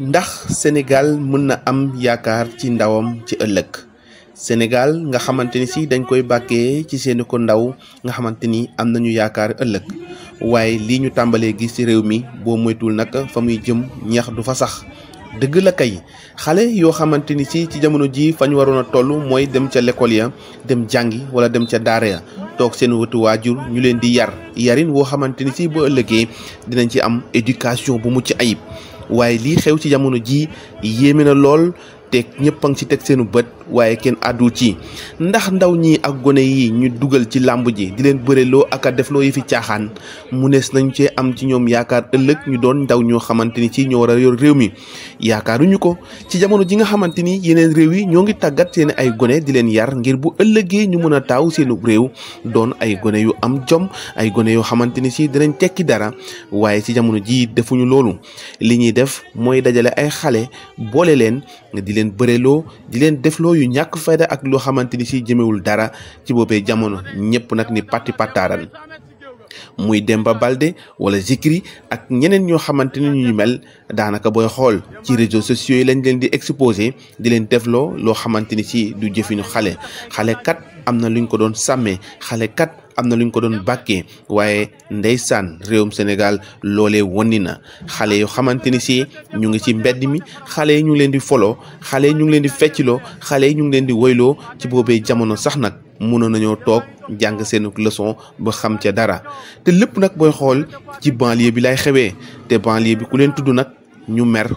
ndax Sénégal mën na am yaakaar ci ndawam ci ëllëg Sénégal nga xamante ni si dañ koy bàkkee ci seeni ko ndaw nga xamante ni am nañu yaakaar ëllëg waaye lii ñu tàmbalee gis ci réew mi boo moytuwul nag fa muy jëm ñeex du fa sax dëgg la kay xale yoo xamante ni si ci jamono ji fa ñu waroon a toll mooy dem ca l'école ya dem jàngi wala dem ca daara ya toog seeni wetu waajur ñu leen di yar yarin woo xamante ni si ba ëllëgee dinañ ci am éducation bu mucc ayib waaye lii xew ci jamono jii yéeme na lool teeg ñëpp a ngi ci teg seenu bët waaye kenn àddu ci ndax ndaw ñi ak gone yi ñu dugal ci làmb ji di leen bëreloo ak a defloo yi fi caaxaan munees nees nañu cee am ci ñoom yaakaar ëllëg ñu doon ndaw ñoo xamante ni ci ñoo war a yor réew mi yaakaaruñu ko ci jamono ji nga xamante ni yeneen réew yi ñoo ngi tàggat seen ay gone di leen yar ngir bu ëllëgee ñu mën a taaw seenu réew doon ay gone yu am jom ay gone yoo xamante ni si dinañ tekki dara waaye ci jamono ji defuñu loolu li def mooy leen bëreloo di leen defloo yu ñàkk fayda ak loo xamante ni si jëmewul dara ci boobee jamono ñëpp nag ni parti pataaran muy dem ba Balde wala Zikri ak ñeneen ñoo xamante ni ñu mel daanaka booy xool ci réseaux sociaux yi lañ leen di exposé di leen defloo loo xamante ni si du jëfinu xale xale kat am na luñ ko doon sàmmee xale kat. am na lu ñu ko doon bàkkee waaye ndeysaan réewum Sénégal loole wonni na xale yoo xamante ni si ñu ngi ci mbedd mi xale yi ñu leen di foloo xale yi ñu ngi leen di fecciloo xale yi ñu ngi leen di woyloo ci boobee jamono sax nag mënoon nañoo toog jàng seen leson ba xam ca dara te lépp nag booy xool ci banlieue bi lay xewee te banlieue bi ku leen tudd nag ñu mer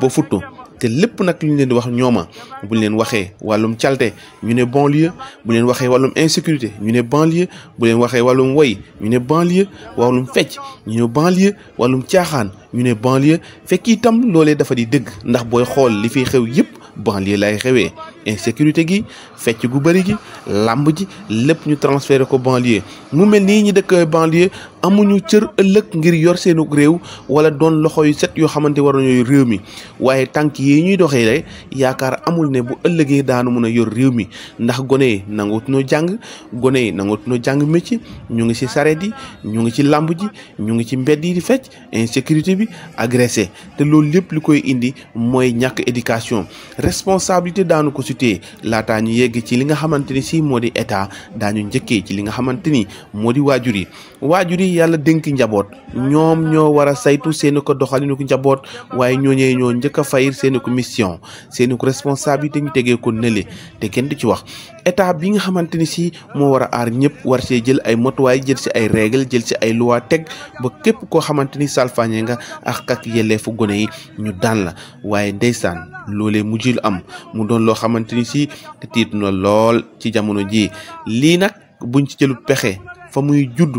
ba futtu te lépp nag lu ñu leen di wax ñooma bu ñu leen waxee wàllum calte ñu ne banlieue bu leen waxee wàllum insécurité ñu ne banlieue bu leen waxee wàllum woy ñu ne banlieue wàllum fecc ñu ne banlieue wàllum caaxaan ñu ne banlieue fekk itam loole dafa di dëgg ndax booy xool li fiy xew yépp banlieue lay xewee insécurité gi fecc gu bëri gi làmb ji lépp ñu transféré ko banlieue mu mel nii ñu dëkk banlieue amuñu cër ëllëg ngir yor seenu réew wala doon loxo yu set yoo xamante war nañoo réew mi waaye tànk yi ñuy doxee yaakaar amul ne bu ëllëgee daanu mun a yor réew mi ndax gone yi nanguutuñoo jàng gone yi nanguutuñoo jàng métier ñu ngi ci sareet yi ñu ngi ci làmb ji ñu ngi ci mbedd yi di fecc insécurité bi agressé te loolu lépp lu koy indi mooy ñàkk éducation responsabilité daanu ko ci constitué laataa ñu yegg ci li nga xamante ni si moo di état daañu njëkkee ci li nga xamante ni moo di waajur yi waajur yi yàlla dénk njaboot ñoom ñoo war a saytu seen ko doxalinu ko njaboot waaye ñooñee ñoo njëkk a fayir seeni ko mission seen ko responsabilité ñu tegee ko nële te kenn du ci wax état bi nga xamante ni si moo war a aar ñëpp war see jël ay motuwaay jël si ay règle jël si ay loi teg ba képp koo xamante ni salfaañe nga ak ak yelleefu gone yi ñu daan la waaye xamante ni te tiit na lool ci jamono ji lii nag buñ ci jëlu pexe fa muy judd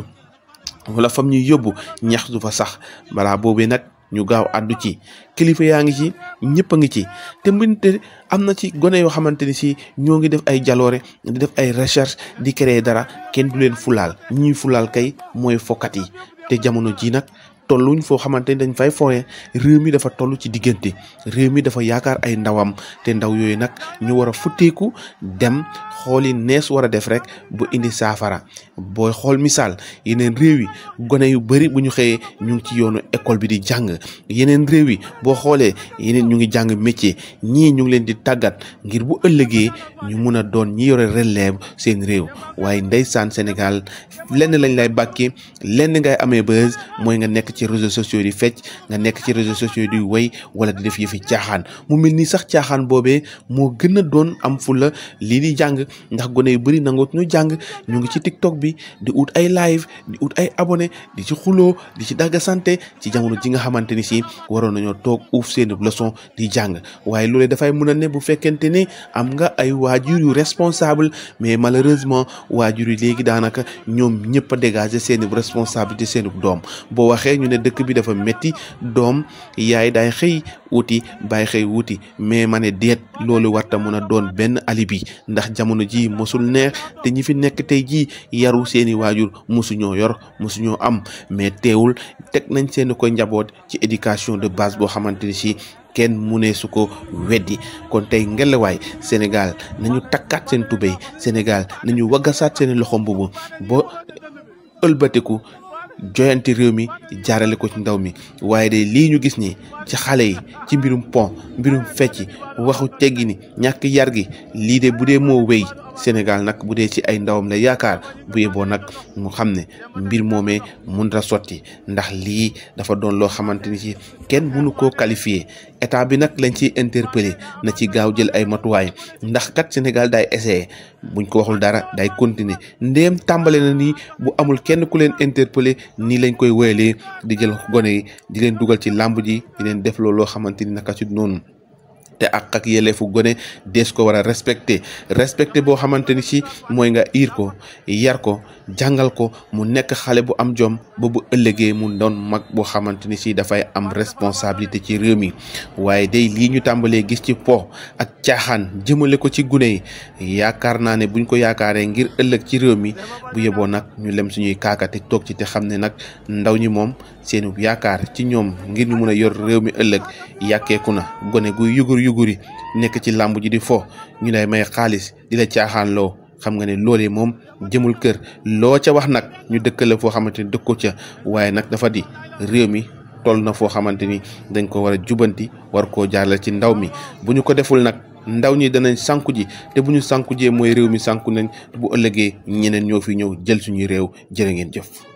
wala fam ñuy yóbbu ñax du fa sax balaa boobee nag ñu gaaw àddu ci kilifa yaa ngi ci ñëpp a ngi ci te mbinte am na ci gone yoo xamante ni si ñoo ngi def ay jaloore di def ay recherche di créer dara kenn du leen fulaal ñuy fulaal kay mooy fokkat yi te jamono ji nag tolluñ foo xamante ni dañ fay foyee réew mi dafa tollu ci diggante réew mi dafa yaakaar ay ndawam te ndaw yooyu nag ñu war a futteeku dem xooli nees war a def rek bu indi saafara booy xool misaal yeneen réew yi gone yu bëri bu ñu xëyee ñu ngi ci yoonu école bi di jàng yeneen réew yi boo xoolee yeneen ñu ngi jàng métier ñii ñu ngi leen di tàggat ngir bu ëllëgee ñu mun a doon ñi yore relève seen réew waaye ndeysaan Sénégal lenn lañ lay bàkki lenn ngay amee buzz mooy nga nekk ci réseaux sociaux di fecc nga nekk ci réseaux sociaux di way wala di def yëfi caaxaan mu mel nii sax caaxaan boobee moo gën a doon am fula lii di jàng ndax gone yu bëri nangootuñu jàng ñu ngi ci tiktok bi di ut ay live di ut ay abone di ci xuloo di ci dagga santé ci jamono ji nga xamante ni si waroon nañoo toog uuf seen leçon di jàng waaye loolee dafay mun a ne bu fekkente ne am nga ay waajur yu responsable mais malheureusement waajur yi léegi daanaka ñoom ñëpp a dégager seen responsabilité seen doom boo ñu ne dëkk bi dafa metti doom yaay daay xëy wuti bàyyi xëy wuti mais ma ne deet loolu warta mën a doon benn alibi ndax jamono ji mosul neex te ñi fi nekk tey jii yaru seeni waajur mosuñoo yor mosuñoo am mais teewul teg nañ seeni koy njaboot ci éducation de base boo xamante ni si kenn mu ne su ko weddi kon tey ngelawaay Sénégal nañu takkaat seen tubéy Sénégal nañu waggasaat seen loxo mbubu ba ëlbatiku joyante réew mi jaarale ko ci ndaw mi waaye de lii ñu gis nii ci xale yi ci mbirum pont mbirum fecc waxu teggi ni ñàkk yar gi lii de bu dee moo wéy Sénégal nag bu dee ci ay ndawam la yaakaar bu yeboo nag mu xam ne mbir moomee mënut a sotti ndax lii dafa doon loo xamante ni ci kenn mënu ko qualifié état bi nag lañ ci interpellé na ci gaaw jël ay matuwaay ndax kat Sénégal day essayé buñ ko waxul dara day continuer ndéem tàmbale na nii bu amul kenn ku leen interpellé nii lañ koy wéyalee di jël gone yi di leen dugal ci làmb ji di leen def looloo xamante ni naka ci noonu. te ak ak yelleefu gone des ko wara a respecté respecté boo xamante ni si mooy nga iir ko yar ko jàngal ko mu nekk xale bu am jom ba bu ëllëgee mu doon mag boo xamante ni si dafay am responsabilité ci réew mi waaye day lii ñu tàmbalee gis ci po ak caaxaan jëmale ko ci gune yi yaakaar naa ne buñ ko yaakaaree ngir ëllëg ci réew mi bu yeboo nag ñu lem suñuy kaakate toog ci te xam ne nag ndaw ñi moom seen yaakaar ci ñoom ngir ñu mën a yor réew mi ëllëg yàkkeeku na gone guy yugur yuguri nekk ci làmb ji di fo ñu lay may xaalis di la caaxaan loo xam nga ne loole moom jëmul kër loo ca wax nag ñu dëkkale foo xamante ni dëkku ca waaye nag dafa di réew mi toll na foo xamante ni dañ ko war a jubanti war koo jaarale ci ndaw mi bu ñu ko deful nag ndaw ñi danañ sànku ji te bu ñu sànku jee mooy réew mi sànku nañ bu ëllëgee ñeneen ñoo fi ñëw jël suñuy réew jërë ngeen jëf